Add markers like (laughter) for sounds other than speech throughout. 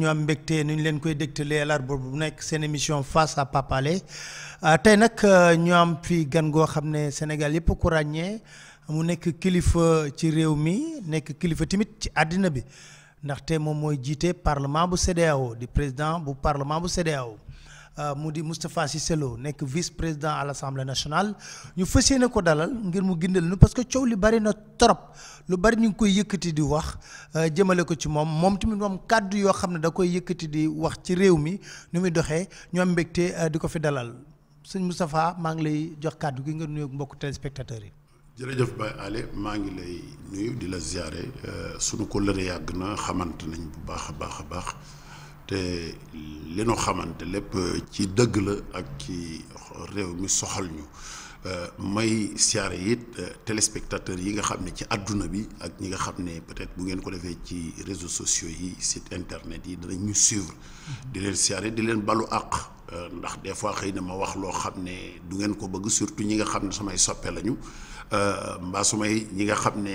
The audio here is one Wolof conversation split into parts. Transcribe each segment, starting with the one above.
ñu am mbégte niñu leen koy dégtalee àllarba bu nekk seen émission face à Pape euh, tey nag euh, ñu am fi gan goo xam ne Sénégal yëpp ku ràññee mu nekk kilifa ci réew mi nekk kilifa tamit ci àddina bi ndaxte moom mooy jiite parlement bu CEDEAO di président bu parlement bu CEDEAO Euh, mu di Moustapha si selo nekk vice président à l' assemblée nationale ñu fas yéene ko dalal ngir mu gindal nu parce que coow li bari na trop lu bari ñu ngi koy yëkkati di wax euh, jëmale ko ci moom moom tamit moom kàddu yoo xam ne da koy yëkkati di wax ci réew mi nu muy doxee ñu am mbégte euh, di ko fi dalal sëñ Moustapha maa ngi lay jox kàddu gi nga nuyu mbokku téléspectateurs yi. jërëjëf Baye Ale maa ngi lay nuyu di la ziare sunu ko lëre yàgg na xamante nañ bu baax a baax a baax. li nu xamante lépp euh, ci dëgg la ak ci réew mi soxal ñu euh, may siyaare it euh, téléspectateurs yi nga xam ne ci àdduna bi ak ñi nga xam ne peut-être bu ngeen ko defee ci réseau sociaux yi site internet yi danañ ñu suivre mm-hmm. di leen siyaare di leen balu àq ndax des fois xëy na ma wax loo xam ne du ngeen ko bëgg surtout ñi nga xam ne samay soppe lañu mbaa su may ñi nga xam ne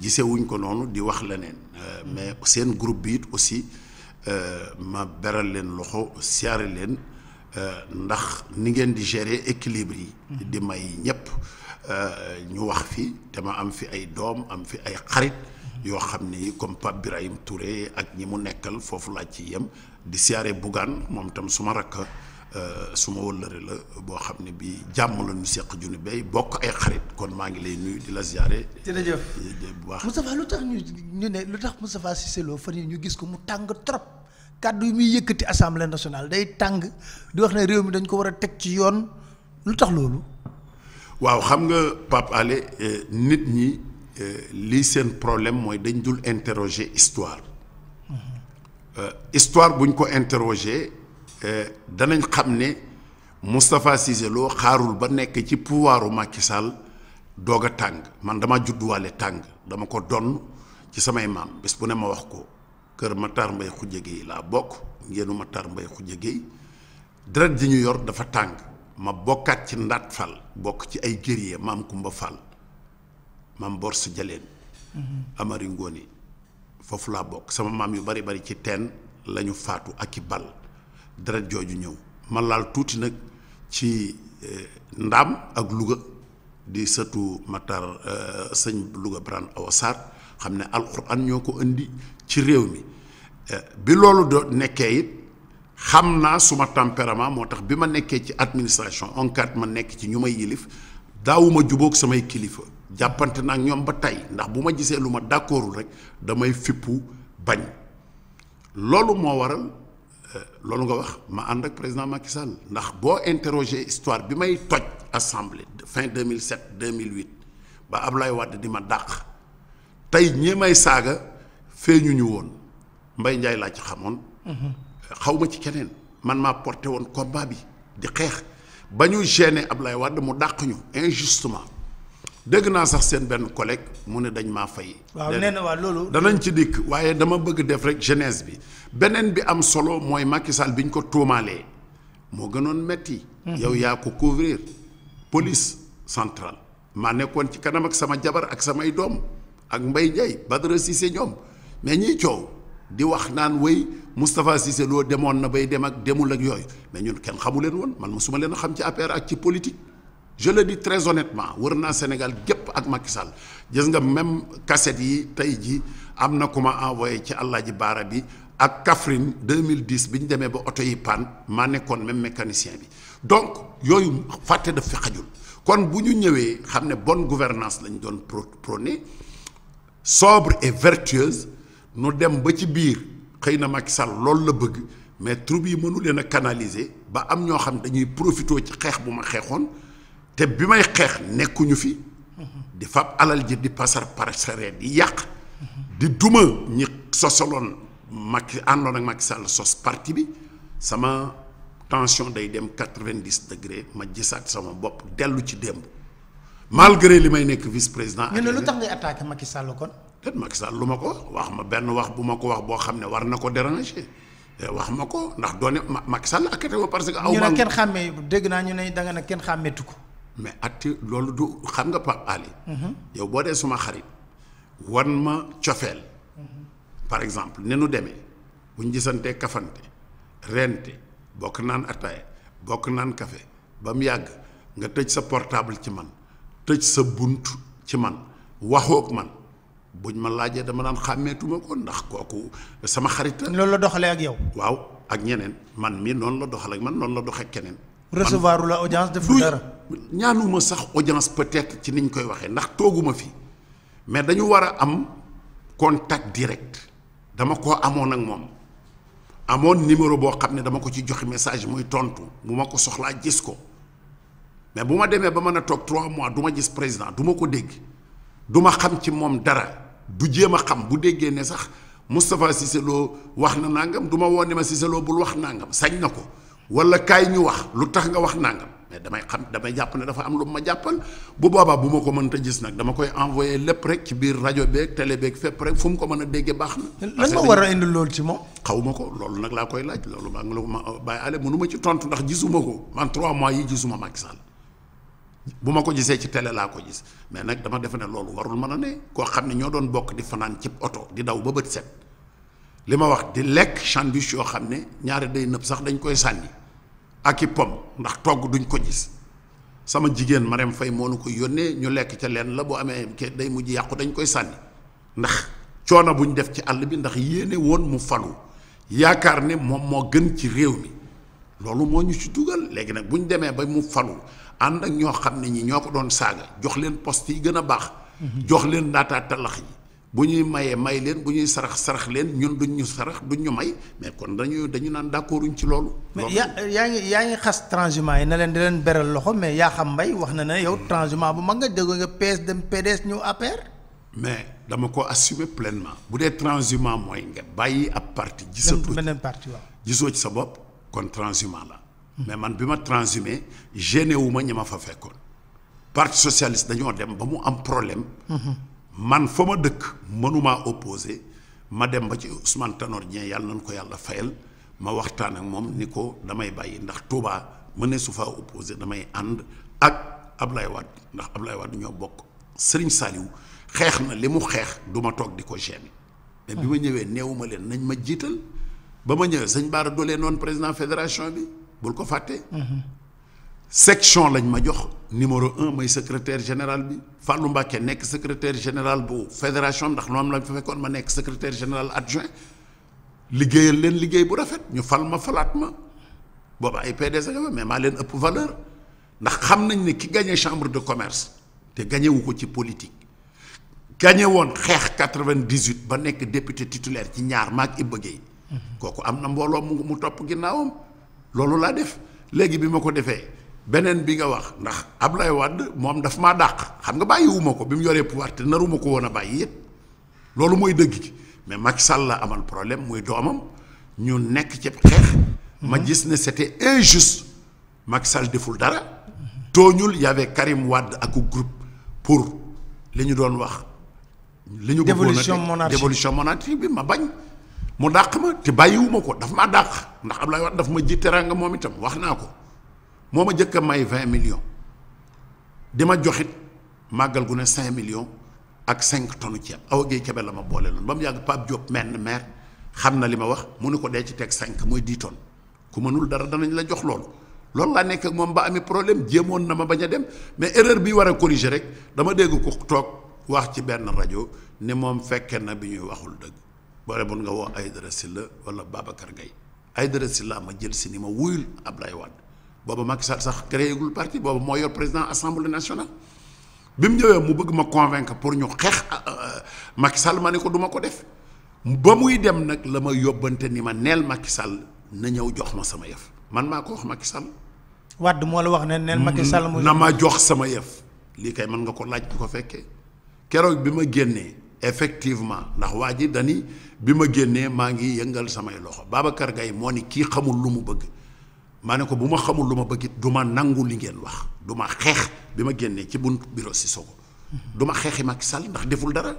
gisewuñ ko noonu di wax leneen mm-hmm. mais seen groupe bi it aussi Euh, ma beral leen loxo siyaare leen euh, ndax ni ngeen di gere équilibre yi. di may ñëpp euh, ñu wax fi te ma am fi ay doom am fi ay xarit. yoo xam ni comme Pape Birahim Touré ak ñi mu nekkal foofu laaj ci yem di siyaare Bougane moom tam suma rakk. Euh, su ma wëllëre la boo xam ne bi jàmm la ñu seq junni bay bokk ay xarit kon maa ngi lay nuyu di la ziare. jërëjëf bu baax Moustapha lu tax ñu ne lu tax Moustapha Cissé Lo fan yi ñu gis ko mu tàng trop kàddu yi muy yëkkati assemblée nationale day tàng di wax ne réew mi dañ ko war a teg ci yoon lu tax loolu. waaw xam nga Pape euh, nit ñi euh, li seen problème mooy dañ dul interroger histoire. Mhm. histoire buñ ko interroger. Euh, danañ xam ne Moustapha Cissé Lo xaarul ba nekk ci pouvoiru Macky Sall a tàng man dama judduwaale tàng dama ko donn ci samay maam bés bu ne ma wax ko kër Matar Mbaye Khoudia Gueye laa bokk ngéenu Matar Mbaye Khoudia Gueye deret ji ñu yor dafa tàng ma bokkaat ci ndaat Fall bokk ci ay guerrier maam Kumba Fall maam Borse Jaleen mhm. Amari Ngoone foofu laa bokk sama maam yu bari bari ci teen lañu faatu ak i bal deret jooju ñëw ma laal tuuti nag ci eh, ndaam ak Louga di sëtu Matar eh, sëñ Louga Birane Awa Sarr xam ne alxuraan ñoo ko indi ci réew mi eh, bi loolu do nekkee it xam naa suma temperament moo tax bi ma nekkee ci administration ONCAD ma nekk ci ñu may yilif daawuma jubook samay kilifa jàppante naa ak ñoom ba tey ndax bu ma gisee lu ma d'accordul rek damay fippu bañ loolu moo waral loolu nga wax ma ànd ak président Macky Sall ndax boo interroger histoire bi may toj assemblée fin 2007 2008 ba Ablaye Wade di ma dàq tey ñi may saaga feeñu ñu woon mbay Ndiaye laa ci xamoon. Mhm. xaw ma ci keneen man maa porté woon combat bi di xeex ba ñu gêné Ablaye Wade mu dàq ñu injustement. dégg naa sax seen benn collègue mu ne dañ maa fay. waaw na waaw loolu. danañ ci dikk waaye dama bëgg def rek jeunesse bi beneen bi am solo mooy Macky Sall bi ñu ko tuumaalee moo gënoon metti mhm. yow yaa ko couvrir police centrale. maa nekkoon ci kanam ak sama jabar ak samay doom ak Mbaye Ndiaye Badara Cissé ñoom mais ñiy coow di wax naan wéy Moustapha Cissé loo demoon na bay dem ak demul ak yooyu mais ñun kenn xamu leen woon man mosuma leen a xam ci APR ak ci politique. je le dis très honnêtement wër naa Sénégal gépp ak Macky Sall gis nga même cassette yi tey ji am na ku ma envoyé ci Alaaji Baara bi ak Kaffrine 2010 bi ñu demee ba oto yi panne maa nekkoon même mécanicien bi donc yooyu fàtte daf fi xajul kon bu ñu ñëwee xam ne bon gouvernance lañ doon prôné sobre et vertueuse nu dem ba ci biir xëy na Macky Sall loolu la bëgg mais troupe yi mënu leen a canaliser ba am ñoo xam dañuy profité ci xeex bu ma xeexoon te bi may xeex nekkuñu fi di fab alal ji di pasar pasaree di yàq di duma ñi sosaloon Macky àndoon ak Macky Sall sos parti bi sama tension day dem quatre-vingt-dix degré ma gisaat sama bopp dellu ci démb malgré li may nekk vice président. ñu ne lu tax Sall kon. déet Macky Sall lu ma ko wax ma benn wax bu ma ko wax boo xam ne war na ko déranger eh, wax ma ko ndax doone Macky Sall akate ma parce que. aw ma ñu ne kenn xàmmee dégg naa ñu ne danga ne kenn xàmmeetu ko. mais atti loolu du xam nga Pape Ali yow boo dee suma xarit wan ma cofeel par exemple ne nu demee buñ gisantee kafante rente bokk naan ataaya bokk naan kafe ba mu yàgg nga tëj sa portable ci man tëj sa bunt ci man waxook man buñ ma laajee dama naan xàmmeetuma ko ndax kooku sama xarit loolu la doxalee ak yow waaw ak ñeneen man mii noonu la doxalee ak man noonu la doxee keneen recevoir la audience def dara ñaanuma sax audience peut-être ci niñ koy waxee ndax tooguma fi mais dañu war a am contact direct dama ko amoon ak moom amoon numéro boo xam ne dama ko ci joxe message muy tontu mu ma ko soxlaa gis ko mais bu ma demee ba mën a toog trois mois du ma gis président du ma ko dégg du ma xam ci moom dara du jéem a xam bu déggee ne sax Moustapha Cissé Lo wax na nangam du ma woo ne ma Cissé Lo bul wax nangam sañ na ko wala kaay ñu wax lu tax nga wax nangam mais damay xam damay jàpp ne dafa am lu ma jàppal bu boobaa bu ma ko mënta gis nag dama koy envoyé lépp rek ci biir rajo beeg télé beeg fépp rek fu mu ko mën a déggee baax na. lan ma a indi loolu ci moom. xaw ko loolu nag laa koy laaj loolu maa ma bàyyi ale mënu ma ci tontu ndax gisuma ko man trois mois yi gisuma Macky Sall bu ma ko gisee ci télé laa ko gis mais nag dama defe ne loolu warul mën a ne koo xam ne ñoo doon bokk di fanaan cib oto di daw ba bët set. li ma wax di lekk sandwich yoo xam ne ñaari day nëb sax dañ koy sànni ak i pom ndax togg duñ ko gis sama jigéen Marème Faye moo nu ko yónnee ñu lekk ca leen la boo amee ke day mujj yàqu dañ koy sànni ndax coono buñ def ci àll bi ndax yéene woon mu falu yaakaar ne moom moo gën ci réew mi loolu moo ñu ci dugal léegi nag bu demee ba mu falu ànd ak ñoo xam ne ñi ñoo ko doon saaga jox leen post yi gën a baax mhm. jox leen ndaataa talax yi bu ñuy mayee may leen bu ñuy sarax sarax leen ñun duñ ñu sarax duñ ñu may mais kon dañu dañu naan d'accorduñ ci loolu. mais yaa yaa ngi yaa ngi xas transhumant yi na leen di leen beral loxo mais yaa xam mbay wax na ne yow transhumant bu mag nga déggoo nga PS dem PDS ñëw APR. mais dama ko assumer pleinement bu dee transhumant mooy nga bàyyi ab parti. gisatu beneen parti waaw gisoo ci sa bopp kon transhumant la. mais man bi ma transhumé gêné wu ma ñi ma fa fekkoon. parti socialiste dañoo dem ba mu am problème. man fa ma dëkk mënuma opposé ma dem ba ci Ousmane Tanor Dieng yàlla nañ ko yàlla fayal ma waxtaan ak moom ni ko damay bàyyi ndax Touba mu ne su faa damay ànd ak ab lay wat ndax Ablaye wat ñoo bokk Serigne Saliou xeex na li mu xeex du ma toog di ko gêner bi ma ñëwee neewuma leen nañ ma jiital ba ma ñëwee sëñ Bara Dolé noonu président fédération bi bul ko fàtte mhm. section lañ ma jox numéro un mooy secrétaire général bi Fallou Mbacké nekk secrétaire général bu fédération ndax moom lañ fa fekkoon ma nekk secrétaire général adjoint liggéeyal leen liggéey bu rafet ñu fal ma falaat ma booba ay PDS nga mais maa leen ëpp valeur ndax xam nañ ni ki gañe chambre de commerce te gagné ko ci politique gagné woon xeex 98 ba nekk député titulaire ci ñaar maag Ibba Guèye kooku am na mbooloo mu mu topp ginnaawam loolu laa def léegi bi ma ko defee. beneen bi nga wax ndax Ablaye Wade moom daf maa dàq xam nga bàyyiwuma ko bi mu yoree pour te naruma ko woon a bàyyi yëpp loolu mooy dëgg ci mais Macky Sall amal problème muy doomam ñu nekk ci xeex. ma gis ne c'était injuste Macky Sall deful dara. tooñul y avait Karim Wade ak groupe pour li ñu doon wax. li ñu bëggoon a dévolution monarchie bi ma bañ. mu dàq ma te bàyyiwuma ko daf maa dàq ndax ab Ablaye Wade dafa ma ji teraanga moom itam wax naa ko. moo ma jëkk a may vingt million di ma joxit màggal gu ne cinq million ak cinq tonnes ceeb awa géey kebe la ma boole loon ba mu yàgg Pape Diop menn maire xam na li ma wax mu ne ko dee ci teg cinq mooy dix tonnes ku mënul dara danañ la jox loolu loolu laa nekk ak moom ba ami problème jéemoon na ma bañ a dem mais erreur bi war a corriger rek dama dégg ko toog wax ci benn rajo ni moom fekkee na bi ñuy waxul dëgg boole mun nga woo Aïdara Sylla wala Babacar Gaye Aïdara Sylla ma jël si ni ma wuyul Ablaye Wade booba Macky Sall sax créé gul parti booba moo yor président assemblée nationale bi mu ñëwee mu bëgg ma convaincre pour ñu xeex euh, euh, Macky Sall ma ne ko duma ko def ba muy dem nag la ma yóbbante ni ma neel Macky Sall na ñëw jox ma sama yëf man maa ko wax Macky Sall. wadd moo la wax ne neel sal Sall. na ma jox sama yëf lii kay mën nga ko laaj bu ko fekkee keroog bi ma génnee. effectivement ndax waa ji dani bi ma génnee maa ngi yëngal samay loxo Babacar Gaye moo ni kii xamul lu mu bëgg maa ne ko bu ma xamul lu ma bëgg it du ma nangu li ngeen wax du ma xeex bi ma génnee ci bunt bureau Sissoko du ma xeexi Macky Sall ndax deful dara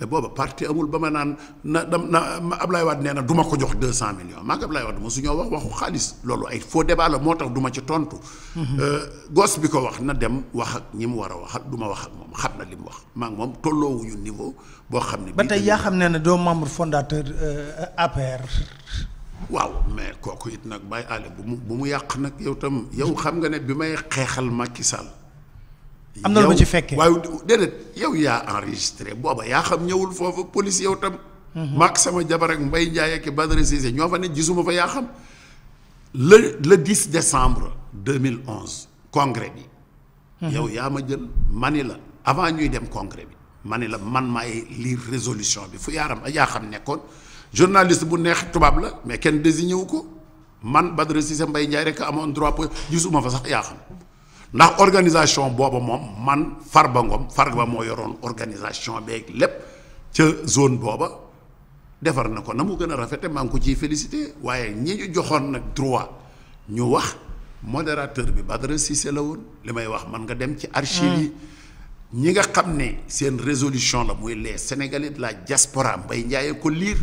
mais booba parti amul ba ma naan na dam na Ablaye Wade nee na du ma ko jox deux cent millions maa ngi Ablaye Wade mosu ñoo wax waxu xaalis loolu ay faux débat la moo tax du ci tontu. Mhm. Euh, gos bi ko wax na dem wax ak ñi mu war a waxal du ma wax ak moom xam na li mu wax maa ngi moom tolloowuñu niveau boo xam ne. ba tey yaa xam ne ne doo membre fondateur euh, APR. waaw mais kooku it nag bàyyi àll bu mu bu mu yàq nag yow tam yow xam nga ne bi may xeexal Macky Sall. am na lu ma ci fekkee waaye déedéet yow yaa enregistré booba yaa xam ñëwul foofu police yow tam. Mhm. maak sama jabar ak Mbaye Ndiaye ñoo fa ne gisuma fa yaa xam. le le 10 décembre 2011 congrès bi. Mhm. yow yaa ma jël mani la avant ñuy dem congrès bi mani la man maay lire résolution bi fu yaaram yaa xam nekkoon. journaliste bu neex tubaab la mais kenn désigné wu ko man Badara mbay Mbaye Ndiaye rek amoon droit pour gisuma fa sax yaa xam ndax organisation booba moom man far ba ngoom far ba moo yoroon organisation beeg lépp ca zone booba defar na ko na mu gën a rafete maa ngi ko ciy félicité waaye ñi ñu joxoon nag droit ñu wax modérateur bi Badara Cissé la woon li may wax man nga dem ci archives mm. ñi nga xam ne seen résolution la muy les Sénégalais de la diaspora Mbaye Ndiaye ko liir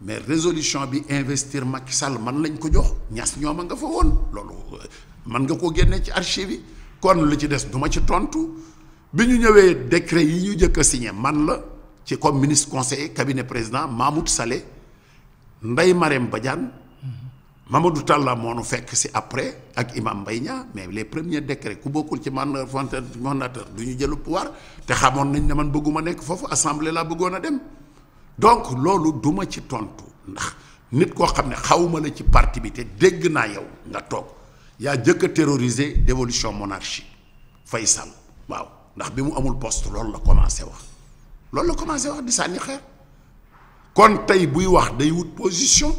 mais résolution bi investir Macky Sall man lañ ko jox ñas ñooma nga fa woon loolu euh, man nga koo génne ci archive yi kon lu ci des du ma ci tontu bi ñu ñëwee décret yi ñu njëkk a man la ci comme conseil conseiller cabinet président Mahmoud Saleh Ndeye Marème Badiane mhm. Mamadou Talla moo nu fekk si après ak Imam Mbaye Niang mais les premiers décrets ku bokkul ci mandat fondateur du ñu jëlu pouvoir te xamoon nañ ne man bëgguma nekk foofu assemblée laa bëggoon a dem donc loolu duma ci tontu ndax nit koo xam ne xawuma la ci parti bi te dégg naa yow nga toog yaa jëkk a terroriser dévolution monarchie fay Sall waaw ndax bi mu amul post loolu la commencé wax loolu la commencé wax di sànni xeer kon tey buy wax day wut position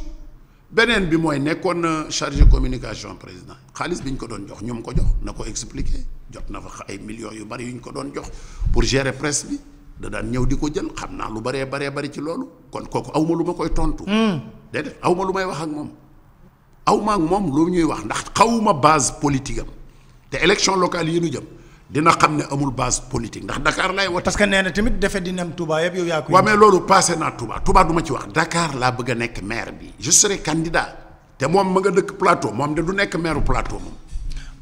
beneen bi mooy nekkoon na chargé communication président xaalis bi ñu ko doon jox ñu mu ko jox na ko expliquer jot na fa ay millions yu bari yu ñu ko doon jox pour gérer presse bi. da daan ñëw di ko jël xam naa lu baree baree bari ci loolu kon kooku awma lu ma koy tontu. Hmm. déedéet awma lu may wax ak moom. awma ak moom lu ñuy wax ndax xawma base politique am te élection local yi ñu jëm dina xam ne amul base politique ndax Dakar lay wote. parce que nee na tamit defe dina am Touba yëpp yow yaa ko. waaw mais loolu passé naa Touba Touba du ma ci wax Dakar laa bëgg a nekk maire bi je serai candidat te moom ma nga dëkk plateau moom de du nekk maire plateau moom.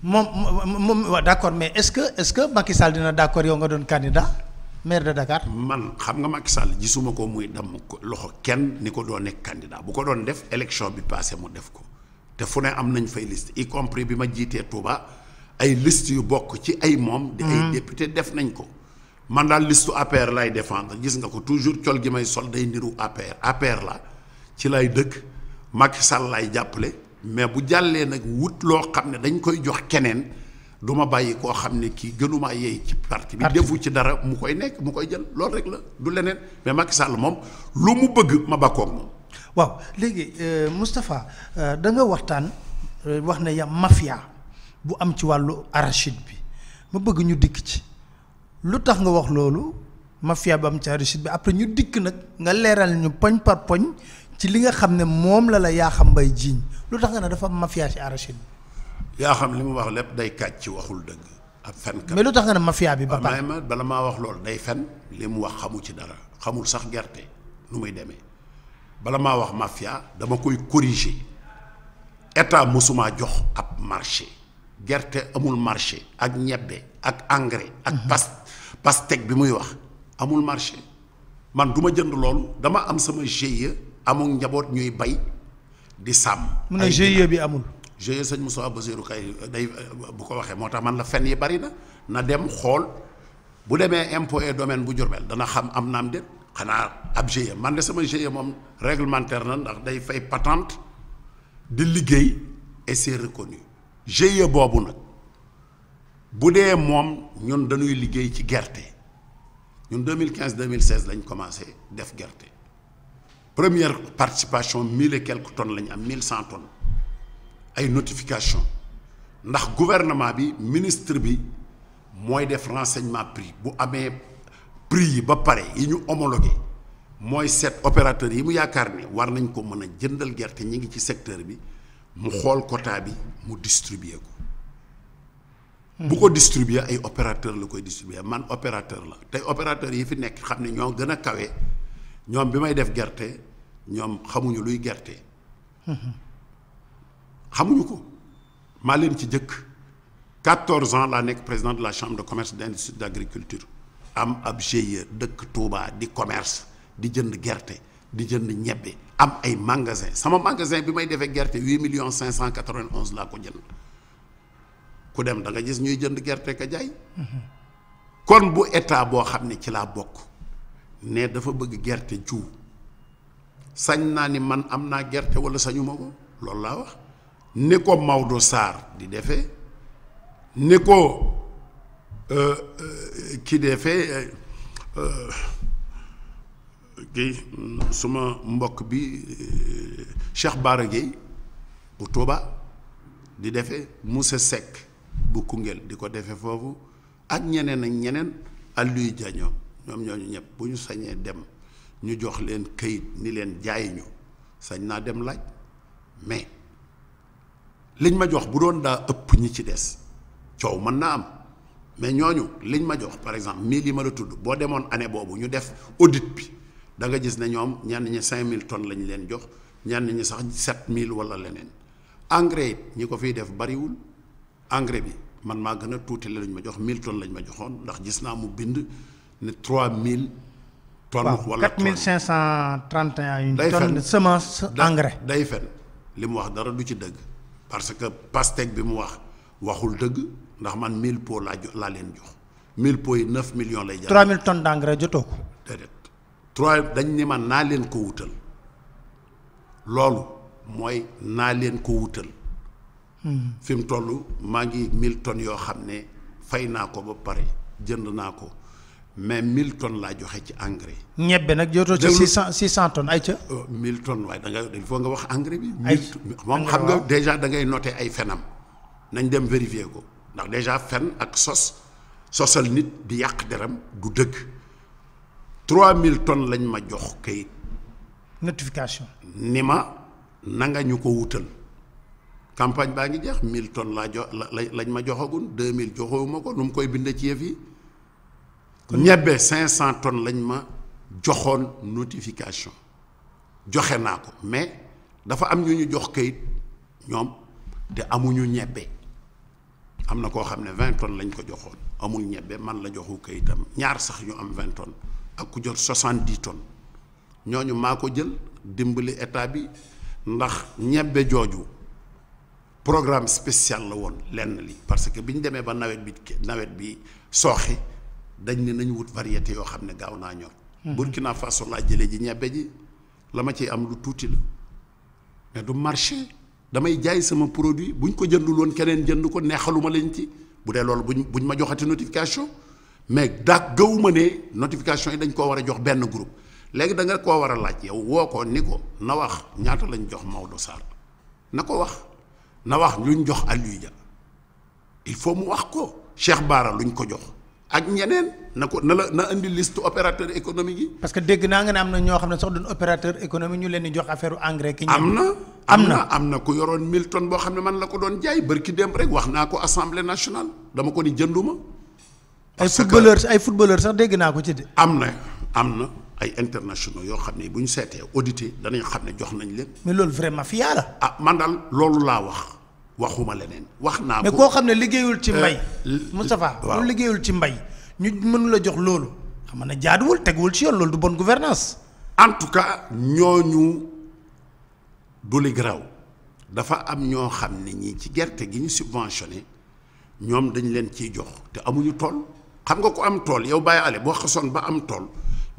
moom moom waaw d'accord mais est doon candidat. maire de Dakar. man xam nga Macky Sall gisuma ko muy damm loxo kenn ni ko doon nekk candidat bu ko doon def élection bi passé mu def ko te fu ne am nañ fay list y compris bi ma jiitee Touba ay liste yu bokk ci ay moom. di ay hmm. député def nañ ko. man daal listu APR lay défendre gis nga ko toujours col gi may sol day niru APR APR la ci lay dëkk Macky Sall lay jàppale mais bu jàllee nag wut loo xam ne dañ koy jox keneen. du ma bàyyi koo xam ne kii gënumaa yeey ci parti bi defu ci dara mu koy nekk mu koy jël loolu rek la du leneen mais Macky Sall moom lu mu bëgg ma bàkkoog moom waaw léegi euh, Moustapha euh, da nga waxtaan euh, wax ne ya mafia bu am ci wàllu arachide bi ma bëgg ñu dikk ci lu tax nga wax loolu mafia bu am bi après ñu dikk nag nga leeral ñu poñ par poñ ci li nga xam ne moom la la yaa xam mbay jiiñ lu tax nga ne dafa am mafia ci arachide bi yaa xam li mu wax lépp day ci waxul dëgg ab fenkat mais lu tax nga ne mafia bi ba pare ma bala maa wax loolu day fen li mu wax xamu ci dara xamul sax gerte lu muy demee bala maa wax mafia dama koy corriger état mësuma jox ab marché gerte amul marché ak ñebbe ak engrais ak mhm. pas pastèque bi muy wax amul marché man du jënd loolu dama am sama GIE amul njaboot ñuy bay di sàmm mu ne e bi amul sañ GIE sëñ Moussa Basiru kay day bu ko waxee moo tax man la fen yi bari na na dem xool bu demee impôt et domaine bu Jurbel dana xam am naam déet xanaa ab GIE man de sama GIE moom réglementaire na ndax day fay patente di liggéey et c'est reconnu GIE boobu nag bu dee moom ñun dañuy liggéey ci gerte ñun mille 2015 2016 lañ commencé def gerte première participation mille et quelques tonnes lañ am mille cent tonnes ay notification ndax gouvernement bi ministre bi mooy def renseignement prix bu amee prix yi ba pare yi ñu homologué mooy seet opérateur yi mu yaakaar ni war nañ ko mën a jëndal gerte ñi ngi ci secteur bi mu xool quota bi mu distribuer ko bu ko distribuer ay opérateur la koy distribuer man opérateur la tey opérateur yi fi nekk xam ne ñoo gën a kawe ñoom bi may def gerte ñoom xamuñu luy gerte xamuñu ko maa leen ci jëkk 14 ans laa nekk président de la chambre de commerce d'industrie d'agriculture am ab GIE dëkk Touba di commerce di jënd gerte di jënd ñebbe am ay magasin sama magasin bi may defee gerte million 8 millions 591 laa ko jënd ku dem da gis ñuy jënd gerte ka jaay. kon bu état boo xam ne ci laa bokk ne dafa bëgg gerte jiw sañ naa ni man am naa gerte wala sañu ma ko loolu laa wax. ni ko Maodo Sarr di defe ni ko euh, euh, ki defe kii euh, suma mbokk bi Cheikh Bara Gueye bu Touba di defe Moussa Seck bu Koungheul di ko defe foofu ak ñeneen ak ñeneen Aliou Diagne ñoom ñooñu ñëpp bu ñu sañee dem ñu jox leen këyit ni leen jaay ñu sañ naa dem laaj mais liñ ma jox bu doon daa ëpp ñi ci des coow mën naa am mais ñooñu liñ ma jox par exemple mill yi ma la tudd boo demoon année boobu ñu def audit bi danga gis ne ñoom ñenn ñi cinq mille tonnes lañu leen jox ñenn ñi sax sept mille wala leneen engrais it ñi ko fiy def bariwul engrais bi man maa gën a tuuti la lañ ma jox mille tonnes lañ ma joxoon ndax gis naa mu bind ne trois mille tonnes wala quatre mille cinq cent trente et un une tonne engrais day fen li mu wax dara du ci dëgg parce que pastèque bi mu wax waxul dëgg ndax man 1000 pots laa jo laa leen jox 1000 pots yi 9 million lay jar. 3000 tonnes d' engrais jotoo ko. déedéet 3 dañ ni ma naa leen ko wutal loolu mooy naa leen ko wutal. Hmm. fi mu toll maa ngi 1000 tonnes yoo xam ne fay naa ko ba pare jënd naa ko mais mille tonnes laa joxe ci engrais. ñebbe nag jotoo ci 600 600 tonnes ay ca. Euh, mille tonnes waaye da nga il faut nga wax engrais bi. moom xam nga déjà dangay ngay ay fenam nañ dem vérifier ko ndax déjà fen ak sos sosal nit di yàq deram du dëgg mille tonnes lañ ma jox kayit. notification. ni ma na ñu ko wutal. campagne baa ngi jeex mille tonnes laa jox la lañ ma joxagun 2000 joxewuma ko nu mu koy bindee ci yëf yi. ñebe 500 tonnes lañ ma joxoon notification joxe naa ko mais dafa am ñu ñu jox kayit ñoom te amuñu ñebe am na koo xam ne 20 tonnes lañ ko joxoon amul ñebe man la joxu kayitam ñaar sax ñu am 20 tonnes ak ku jot di tonnes ñooñu maa ko jël dimbali état bi ndax ñebe jooju programme spécial la woon lenn li parce que bi ñu demee ba nawet bi nawet bi sooxi dañ ne nañu wut variété yoo xam ne gaaw naa ñor. Burkina Faso laa jëlee ji ñebbe ji la ma ciy am lu tuuti la mais du marché damay jaay sama produit buñ ko jëndul woon keneen jënd ko neexaluma leen ci bu dee loolu buñ buñ ma joxati notification mais daa gëwuma ne notification yi dañ koo war a jox benn group léegi danga koo war a laaj yow woo ko ni ko na wax ñaata lañ jox Maodo Sarr na ko wax na wax luñ jox Aliou Dia il faut mu wax ko Cheikh Bara luñ ko jox. ak ñeneen na ko na la na indi liste opérateur économique yi. parce que dégg naa nga ne am na ñoo xam ne sax duñ opérateur économique ñu leen di jox affaire engrais. ki am na am na am na ku yoroon 1000 tonnes boo xam ne man la ko doon jaay bërki démb rek wax naa ko assemblée nationale dama ko ni jënduma. ay footballeur ay footballeur sax dégg naa ko ci de. am na am na ay internationaux yoo xam ne bu ñu seetee audité danañ xam ne jox nañ leen. mais loolu vraiment mafia la. ah man daal loolu laa wax. waxuma leneen wax naa ko mais koo xam ne liggéeyul ci euh, mbay Moustapha waaw lu liggéeyul ci mbay ñu mënu la jox loolu xam na jaaduwul teguwul ci yoon loolu du bon gouvernance en tout cas ñooñu du li dafa am ñoo xam ne ñi ci gerte gi ñu subventionné ñoom dañ leen ciy jox te amuñu tool xam nga ko am tool yow bàyyi ale boo soon ba am tool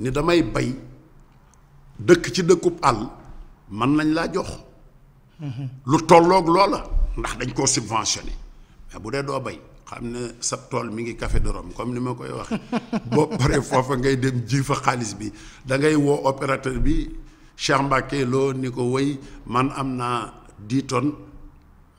ne damay bay dëkk ci dëkkub àll mën nañ laa jox mhm. lu tolloog loola ndax dañ koo subventionné mais bu dee doo bay xam ne sa tool mi ngi café de Rome comme ni ma koy wax (laughs) boo paree foofa ngay dem ji fa xaalis bi da ngay woo opérateur bi Cheikh Mbacké loo ni ko woy man am naa dix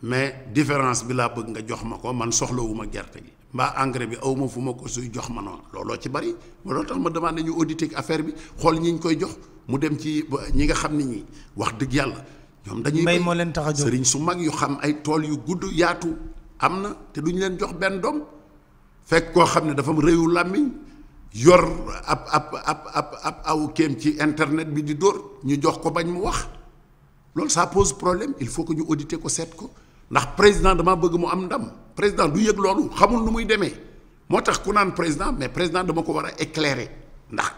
mais différence bi laa bëgg nga jox ma ko man soxlawuma gerte gi mbaa engrais bi awma fu ma ko suy jox ma noonu looloo ci bari ma loolu tax ma demandé ñu auditer affaire bi xool ñi ñu koy jox mu dem ci ñi nga xam ni ñi wax dëgg yàlla ñoom dañuy mbay moo leen tax a jóg sëriñ su mag yu xam ay tool yu gudd yaatu am na te duñ leen jox benn doom fekk koo xam ne dafa rëyu làmmiñ yor ab ab ab ab ab aw kéem ci internet bi di dóor ñu jox ko bañ mu wax loolu ça pose problème il faut que ñu auditer ko seet ko ndax président dama bëgg mu am ndam président du yëg loolu xamul nu muy demee moo tax ku naan président mais président dama ko war a éclairer ndax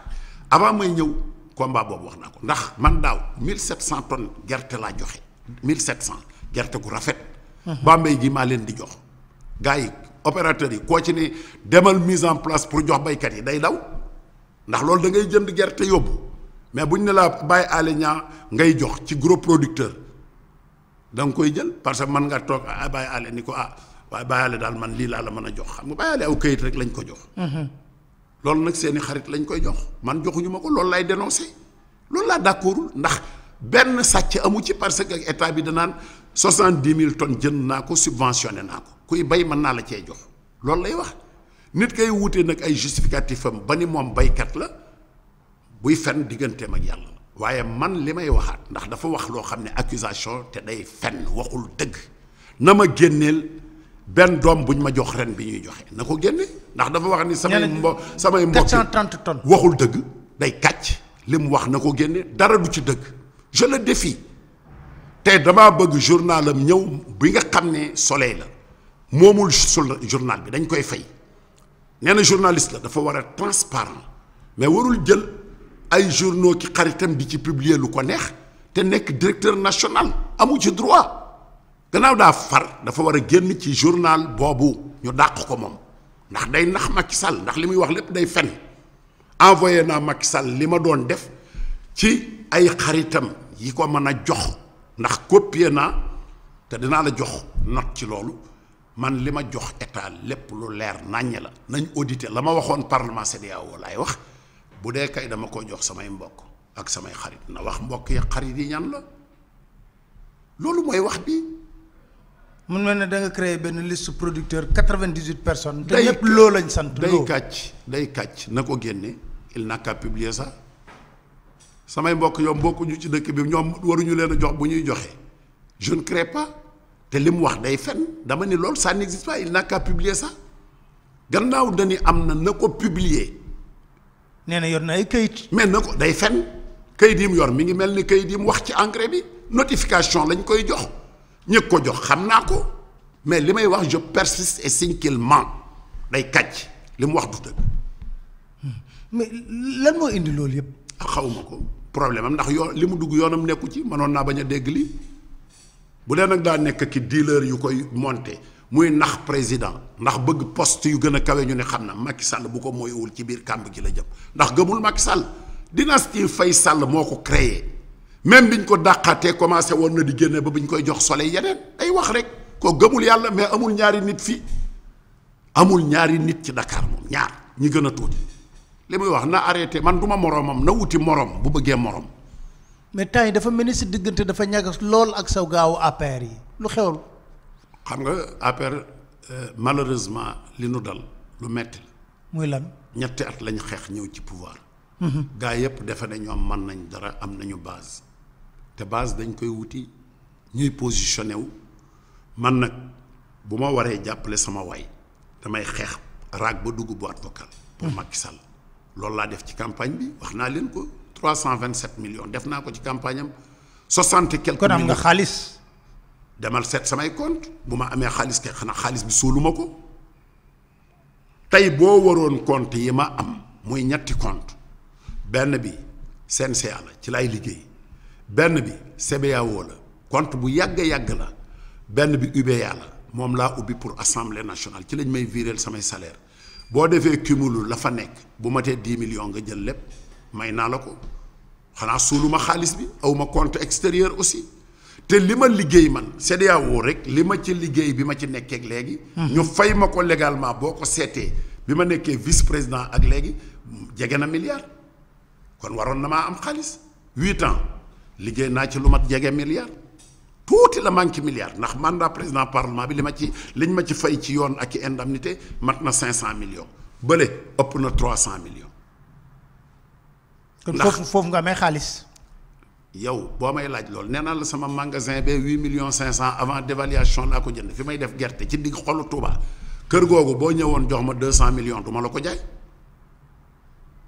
avant may ñëw. combat boobu wax naa ko ndax man daaw 1700 tonnes gerte laa joxe mille 1700 gerte gu rafet. Bambey gi maa leen di jox. gars yi opérateurs yi koo ci ni demal mise en place pour jox baykat yi day daw ndax loolu da ngay jënd gerte yóbbu mais buñ ne laa bàyyi aale ñaa ngay jox ci gros producteur da koy jël parce que mën nga toog ah bàyyi aale ni ko ah waaye bàyyi aale daal man lii laa la mën a jox xam nga bàyyi aale aw kayit rek lañ ko jox. Mm-hmm. loolu nag seeni xarit lañ koy jox man joxuñu ma ko loolu lay dénoncé loolu laa d'accordul ndax benn sàcc amu ci parce que ak état bi danaan soixante-dix mille tonnes jën naa ko subventionné naa ko kuy bay mën naa la cee jox loolu lay wax nit kay wutee nag ay justificatif am ba ni moom baykat la buy fen digganteem ak yàlla waaye man li may waxaat ndax dafa wax loo xam ne accusation te day fenn waxul dëgg na ma génneel benn doom bu ñu ma jox ren bi ñuy joxe na ko génne ndax dafa wax ni. samay mbo samay mbokk 430 tonnes waxul dëgg day kàcc li mu wax na ko génne dara du ci dëgg je le défie te damaa bëgg journalam ñëw bi nga xam ne soleil la moomul journal bi dañ koy fay nee na journaliste la dafa war a transparent mais warul jël ay journaux ki xaritam bi ci publier lu ko neex te nekk directeur national amu ci droit gannaaw daa far dafa war a génn ci journal boobu ñu dàq ko moom ndax day nax Macky Sall ndax li muy wax lépp day fen envoyé naa Macky sal li ma doon def ci ay xaritam yi ko mën a jox ndax copier naa te dinaa la jox not ci loolu man li ma jox état lépp lu leer naññ la nañ audité la ma waxoon parlement CEDEAO laay wax bu dee kay dama ko jox samay mbokk ak samay xarit na wax mbokk ya xarit yi ñan la loolu mooy wax bi mun mel ne da nga benn liste producteur quatre-vingt-dix-huit personnes. te ñëpp loo lañ sant loo day kàcc day kàcc na ko génne il n'a qu'à publier ça samay mbokk yow bokkuñu ci dëkk bi ñoom waruñu leen a jox bu ñuy joxe je ne crée te li mu wax day fen dama ni lool ça n'existe pas il n'a qu'à publier ça gannaaw dañu am na na ko publier. nee na yor na ay kayit. mais na ko day fen kayit yi mu yor mi ngi mel ni kayit yi mu wax ci engrais bi notification lañ koy jox. ñëg ko jox xam naa ko mais li may wax je persiste et signe ment day kàcc li mu wax du dëgg mais lan moo indi loolu yëpp. Ah, xawma ko problème am ndax yoo li mu dugg yoonam nekku ci manoon naa bañ a dégg lii bu dee nag daa nekk ki dealer yu koy monte muy nax président ndax bëgg poste yu gën a kawe ñu ne xam na Macky sàll bu ko moywul ci biir kàmb gi la jëm ndax gëmul Macky Sall dynastie Faye Sall moo ko créer même biñ ko dàqaatee commencé woon na di génne ba ñu koy jox soleil yeneen ay wax rek ko gëmul yàlla mais amul ñaari nit fii amul ñaari nit ci Dakar moom ñaar ñi gën a tuuti li muy wax na arrêté man du ma moroomam na wuti moroom bu bëggee moroom. mais temps yi dafa mel ni si diggante dafa ñagas lool ak saw gaawu APR yi lu xewal. xam nga APR euh, malheureusement li nu dal lu metti la. muy lan ñetti at lañu xeex ñëw ci pouvoir. Mhm. gaa yëpp defe ne ñoom mën nañ dara am nañu base. te base dañ koy wuti ñuy positionné wu man nag bu ma waree jàppale sama waay damay xeex rag ba dugg bu vocale pour hmm. Macky Sall loolu laa def ci campagne bi wax naa leen ko 327 millions def naa ko ci campagne am 60 kon am nga xaalis demal seet samay compte bu ma amee xaalis kay xanaa xaalis bi suulu ma ko tey boo waroon compte yi ma am muy ñetti compte benn bi seen CNCA la ci lay liggéey benn bi CBAO la compte bu yàgg yàgg la benn bi UBA la moom laa ubbi pour assemblée nationale ci lañ may viréel samay salaire boo defee cumul la fa nekk bu matee dix million nga jël lépp may naa la ko xanaa suuluma xaalis bi awma compte extérieur aussi te li ma liggéey man CEDEAO rek li ma ci liggéey bi ma ci nekkeek léegi hmm. ñu fay ma ko légalement boo ko seetee bi ma nekkee vice président ak léegi jege na milliard kon waroon na maa am xaalis huit ans liggéey naa ci lu mat jege milliard tuuti la manque milliard ndax mandat président parlement bi li ma ci liñ ma ci fay ci yoon ak i indemnité mat na cinq cent millions bële ëpp na trois cent millions. kon foofu nga may xaalis. yow boo may laaj loolu nee naa la sama magasin bee huit million cinq cent avant dévaluation laa ko jënd fi may def gerte ci digg xolu Touba kër googu boo ñëwoon jox ma deux cent millions du la ko jaay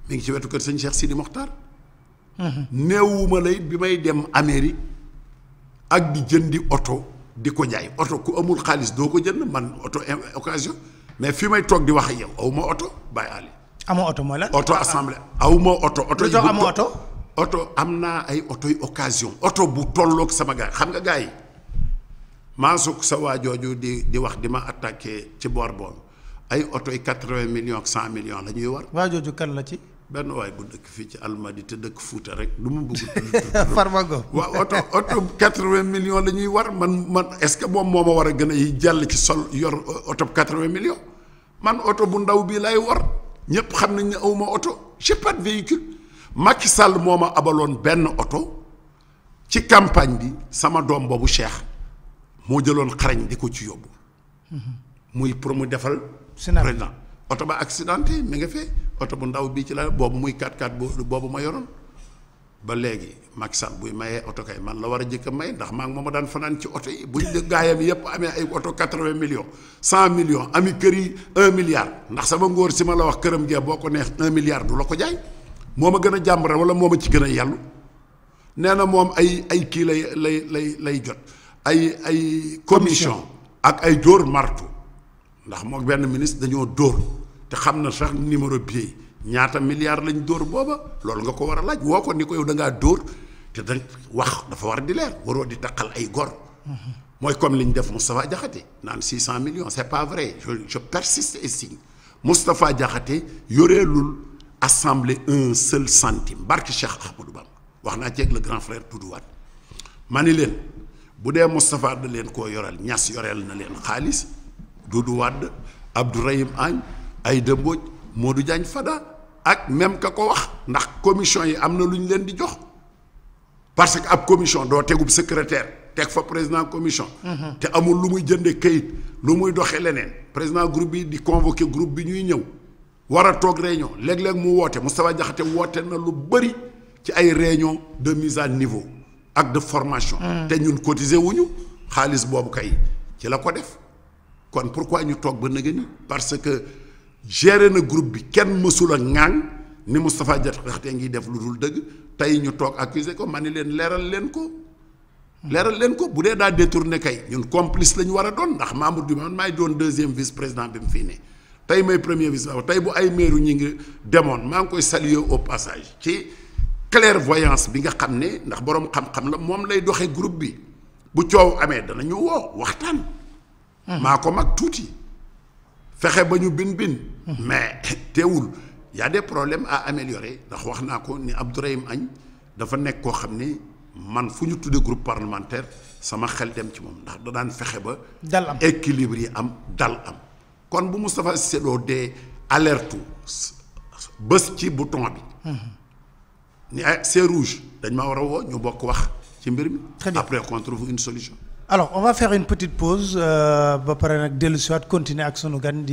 mi ngi ci wetu kër sëñ Cheikh Sidi Mokhtar. newuma la bi may dem Amérique ak di jëndi oto di ko jaay oto ku amul xaalis doo ko jënd man oto occasion mais fi may toog di wax ak yow awuma oto bàyyi àll. amoo oto mooy lan. oto oto. oto yi amoo oto. oto am naa ay oto yu occasion oto bu tolloog sama gaay xam nga gars yi maa sa waa jooju di di wax di ma attaqué ci boor bool ay oto yi quatre-vingts millions ak cent million la ñuy war. waa jooju kan la ci. benn waay bu dëkk fii ci di te dëkk Fuuta rek lu mu bëgg. (laughs) Farmago waaw oto oto quatre-vingts million lañuy ñuy war man man est-ce que moom moo ma war a gën a jàll ci sol yor euh, oto quatre-vingts millions man oto bu ndaw bii lay war ñëpp xam nañ ne awma oto j'ai pas de véhicule Macky Sall moo ma abaloon benn oto ci campagne bi sama doom boobu Cheikh moo jëloon xarañ di ko ci yóbbu. Mhm. muy pour mu defal. président oto ba accidenté mi nga fee. oto bu ndaw bii ci la boobu muy 4x4 boobu boobu ma yoroon ba léegi Macky Sall buy mayee oto kay man la war a jëkk may ndax maa moo ma daan fanaan ci oto yi buñ gaayam yépp amee ay oto 80 millions 100 millions ami kër yi milliard ndax sama ngóor si ma la wax këram gee boo ko neex un milliard du la ko jaay moo ma gën a jàmbare wala moo ma ci gën a yàllu nee na moom ay ay kii lay lay lay lay jot ay ay commission ak ay dóor martu ndax moom benn ministre dañoo dóor te xam na sax numéro billet ñaata milliards lañ dóor booba loolu nga ko war a laaj woo ko ni ko yow da ngaa dóor te da wax dafa war di leer waroo di taqal ay gor. mooy comme li ñu def Moustapha Diakhaté naan cent millions c'est pas vrai je je persiste et signe Moustapha Diakhaté yoreelul assemblée un seul centime barki Cheikh Ahmadou Bamba wax naa ceeg le grand frère Toudouane ma ni leen bu dee Moustapha da leen koo yoreel Niass yoreel na leen xaalis Doudou Wade Abdourahim Agne. Aïda moo du Diagne Fada ak même ka ko wax ndax commission yi am na lu ñu leen di jox parce que ab commission doo tegub secrétaire teg fa président commission mhm. te amul lu muy jënde kayit lu muy doxe leneen président groupe bi di convoqué groupe bi ñuy ñëw war a toog réunion léeg-léeg mu woote Moustapha Diakhaté woote na lu bëri ci ay réunion de mise à niveau ak de formation mhm. te ñun cotiser wuñu xaalis boobu kay ci la ko def kon pourquoi ñu toog ba parce que géré na groupe bi kenn mësula ŋaaŋ ni Moustapha Diakhaté ngi def lu dul dëgg tey ñu toog accusé ko ma ni leen leeral leen ko leeral leen ko bu dee daa détourné kay ñun complice la ñu war a doon ndax Mamour Diouf man maay doon deuxième vice président bi mu fii ne tey may premier vice tey bu ay maire ñi ngi demoon maa ngi koy saluer au passage ci clairvoyance bi nga xam ne ndax boroom xam-xam la moom lay doxee groupe bi bu coow amee danañu woo waxtaan hmm. maa ko mag tuuti fexe ba ñu bin bin mais teewul y a des problèmes à améliorer ndax wax naa ko ni Abdourahim Agne dafa nekk koo xam ni man fu ñu tuddee groupe parlementaire sama xel dem ci moom ndax da daan fexe ba dal am équilibre yi am dal kon bu Moustapha Cissé Lo dee alerte bés ci bouton bi ni ay eh, c'est rouge dañ ma war a woo ñu bokk wax ci mbir mi après qu'on trouve une solution alors on va faire une petite pause euh, ba pare nag dellu siwaat continuer ak sunu gan